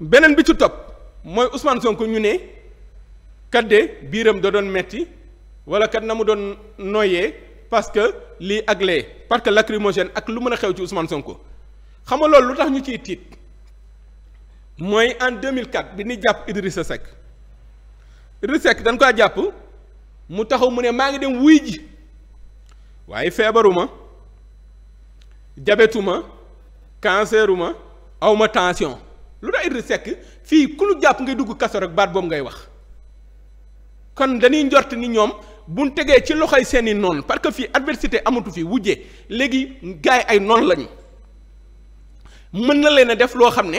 beneen bi ci topp mooy Ousmane Sonko ñu ne kat de biiram da doon metti wala kat na mu doon noyyee parce que lii ak lee parce que lacrymogène ak lu mën a xew ci Ousmane Sonko xam nga loolu lu tax ñu ciy tiit mooy en mille 2004 bi ni jàpp Idrissa Seck Idrissa Seck dañ ko jàpp mu taxaw mu ne maa ngi dem wuy ji waaye feebaruma jabetuma canceruma awma tension lu tax Idrissa Seck fii ku lu jàpp ngay dugg kaso rek baat boobu ngay wax kon dañuy njort ni ñoom buñ tegee ci loxo loxoy seeni noon parce que fii adversité amatu fi wujje léegi gars yi ay noon lañu mën na leen a def loo xam ne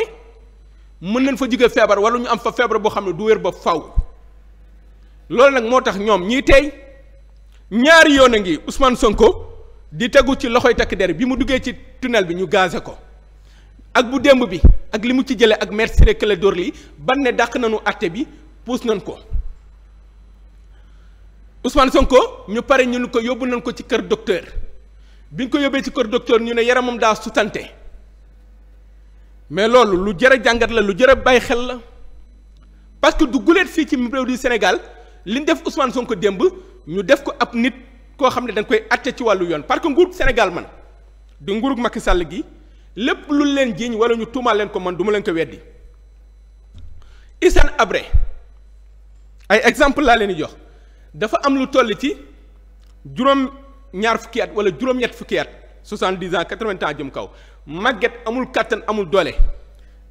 mën nañ fa jóge feebar wala ñu am fa feebar boo xam ne du wér ba faw loolu nag moo tax ñoom ñiy tey ñaari yoon a ngi Ousmane Sonko di tegu ci loxoy takk der bi mu duggee ci tunel bi ñu gazé ko ak bu démb bi ak li mu ci jële ak maître Ciré Clédor Ly ban ne dàq nañu àtte bi puus nañ ko Ousmane Sonko ñu pare ñu ni ko yóbbu nañ ko ci kër docteur bi ñu ko yóbbee ci kër docteur ñu ne yaramam daa sutante mais loolu lu jër a jàngat la lu jër a bàyyi xel la parce que du guleet fii ci réew du Sénégal li ñu def Ousmane Sonko démb ñu def ko ab nit koo xam ne dañ koy àtte ci wàllu yoon parce que nguur Sénégal man du nguurug Macky Sall gi lépp lu leen jiiñ wala ñu tuumaal leen ko man duma leen ko weddi Hissène Habré ay exemple laa leen di jox dafa am lu toll ci juróom ñaar fukki at wala juróom-ñett fukki at soixante-dix ans quatre-vingts jëm kaw màgget amul kàttan amul doole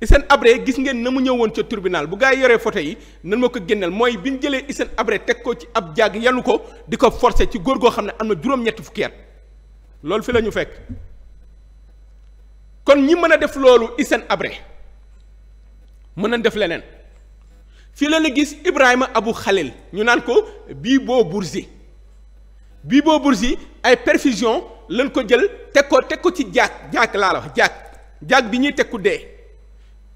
Hissène Habré gis ngeen na mu ñëw woon ca tribunal bu gaa yi yoree photo na nan ma ko génneel mooy bi ñu jëlee Hissène Habré teg ko ci ab jàgg yanu ko di ko forcer ci góor goo xam ne am na juróom-ñett fukki at loolu fi la ñu fekk kon ñi mën a def loolu isen Habré mën a def leneen fii la ñu gis Ibrahima abu Khalil ñu naan ko bii Bibo bii Bibo Bourgi ay perfusion lan ko jël teg ko teg ko ci jaag jaag laala la wax jaag jaag bi ñuy teg dee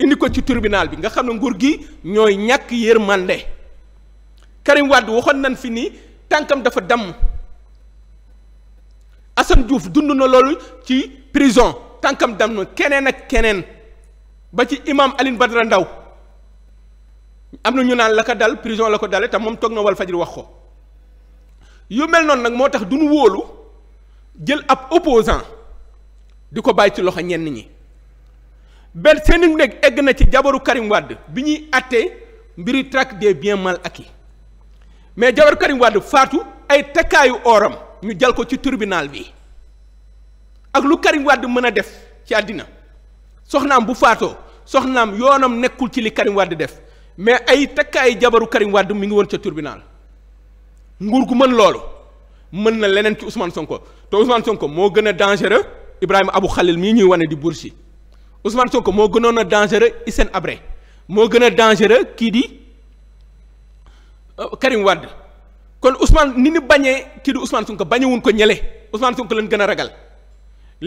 indi ko ci tribunal bi nga xam ne nguur gi ñooy ñàkk yërmande Karim Wade waxoon nañ fi ni tànkam dafa damm Assane Diouf dund na loolu ci prison. tànkam dem na keneen ak keneen ba ci imam Alioune Badara Ndaw am na ñu naan la ko dal prison la ko dale te moom toog na wal fajri wax ko yu mel noonu nag moo tax du ñu wóolu jël ab opposant di ko bàyyi ci loxo ñenn ñi benn seen i nekk egg na ci jabaru Karim Wade bi ñuy àttee mbiri traque des bien mal acquis mais jabaru Karim faatu ay takkaayu ooram ñu jël ko ci tribunal bi ak lu Karim Wade mën a def ci àddina soxnaam bu faatoo soxnaam yoonam nekkul ci li Karim Wade def mais ay takkaayu jabaru Karim Wade mi ngi won ca tribunal nguur gu mën loolu mën na leneen ci Ousmane Sonko te Ousmane Sonko moo gën a dangereux Ibrahima Abou Khalil mii ñuy wane di Bourgi Ousmane Sonko moo gënoon a dangereux seen Habré moo gën a dangereux kii di euh, Karim Wade kon usman ni ni bañee kii di Ousmane Sonko bañewuñ ko ñële Ousmane Sonko lañ gën a ragal.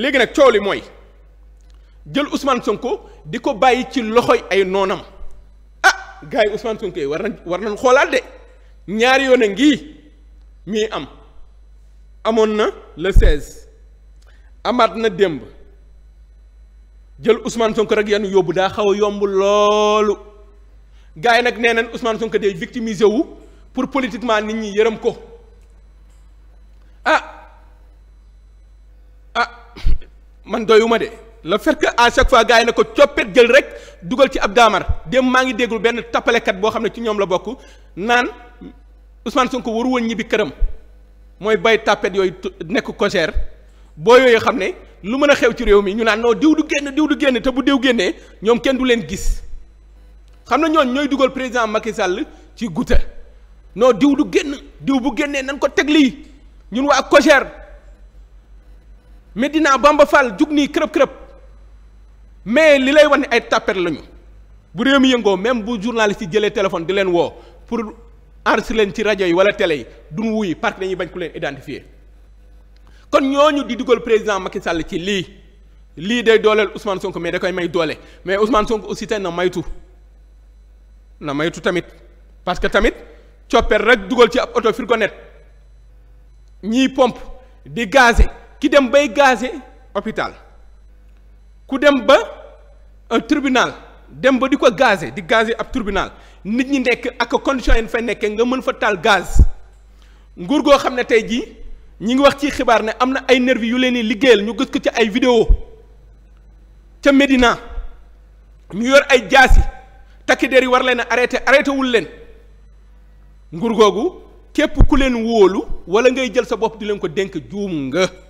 léegi nag coow li mooy jël Ousmane Sonko di ko bàyyi ci loxoy ay noonam ah gars yi Ousmane yi war nañ war nañ xoolaat de ñaari yoon a ngi mii am amoon na le 16 amaat na démb jël Ousmane Sonko rek yan yóbbu daa xaw a yomb loolu gars yi nag nee nañ Ousmane Sonko day victimisé wu pour politiquement nit ñi yërëm ko ah. man doyuma de le fait que à chaque fois gars yi na ko coppet jël rek dugal ci ab daamar dém maa ngi déglu benn tappalekat boo xam ne ci ñoom la bokk naan Ousmane Sonko waru woon ñibbi këram mooy bay tappet yooyu nekk concert boo yooyu xam ne lu mën a xew ci réew mi ñu naan noo diw du génn diw du génn te bu diw génnee ñoom kenn du leen gis xam na ñooñ ñooy dugal président Macky Sall ci guta noo diw du génn diw bu génnee nan ko teg lii ñun waa COJER Medina Bamba Fall jug nii kërëb kërëb mais li lay wax ne ay tapper lañu bu réew mi yëngoo même bu journaliste yi jëlee téléphone di leen woo pour enregistrer leen ci rajo yi wala télé yi duñ wuy parce dañuy bañ ku leen identifier kon ñooñu di dugal président Macky Sall ci lii lii day dooleel Ousmane Sonko mais da koy may doole mais Ousmane Sonko aussi tey na maytu na maytu tamit parce que tamit coppeel rek dugal ci ab oto fourgonnette ñiy pompe di gaze ki dem bay gazé hôpital ku dem ba un euh, tribunal dem ba di ko gazé di gazé ab tribunal nit ñi nekk ak condition fa nekkee nga mën fa taal gaz nguur goo xam ne tey jii ñi ngi wax ci xibaar ne am na ay nervi yu leen di liggéeyal ñu gis ko ci ay video ca Médina ñu yor ay jaasi takki der yi war leen a arrêté arrêté wul leen nguur googu képp ku leen wóolu wala ngay jël sa bopp di leen ko dénk juum nga.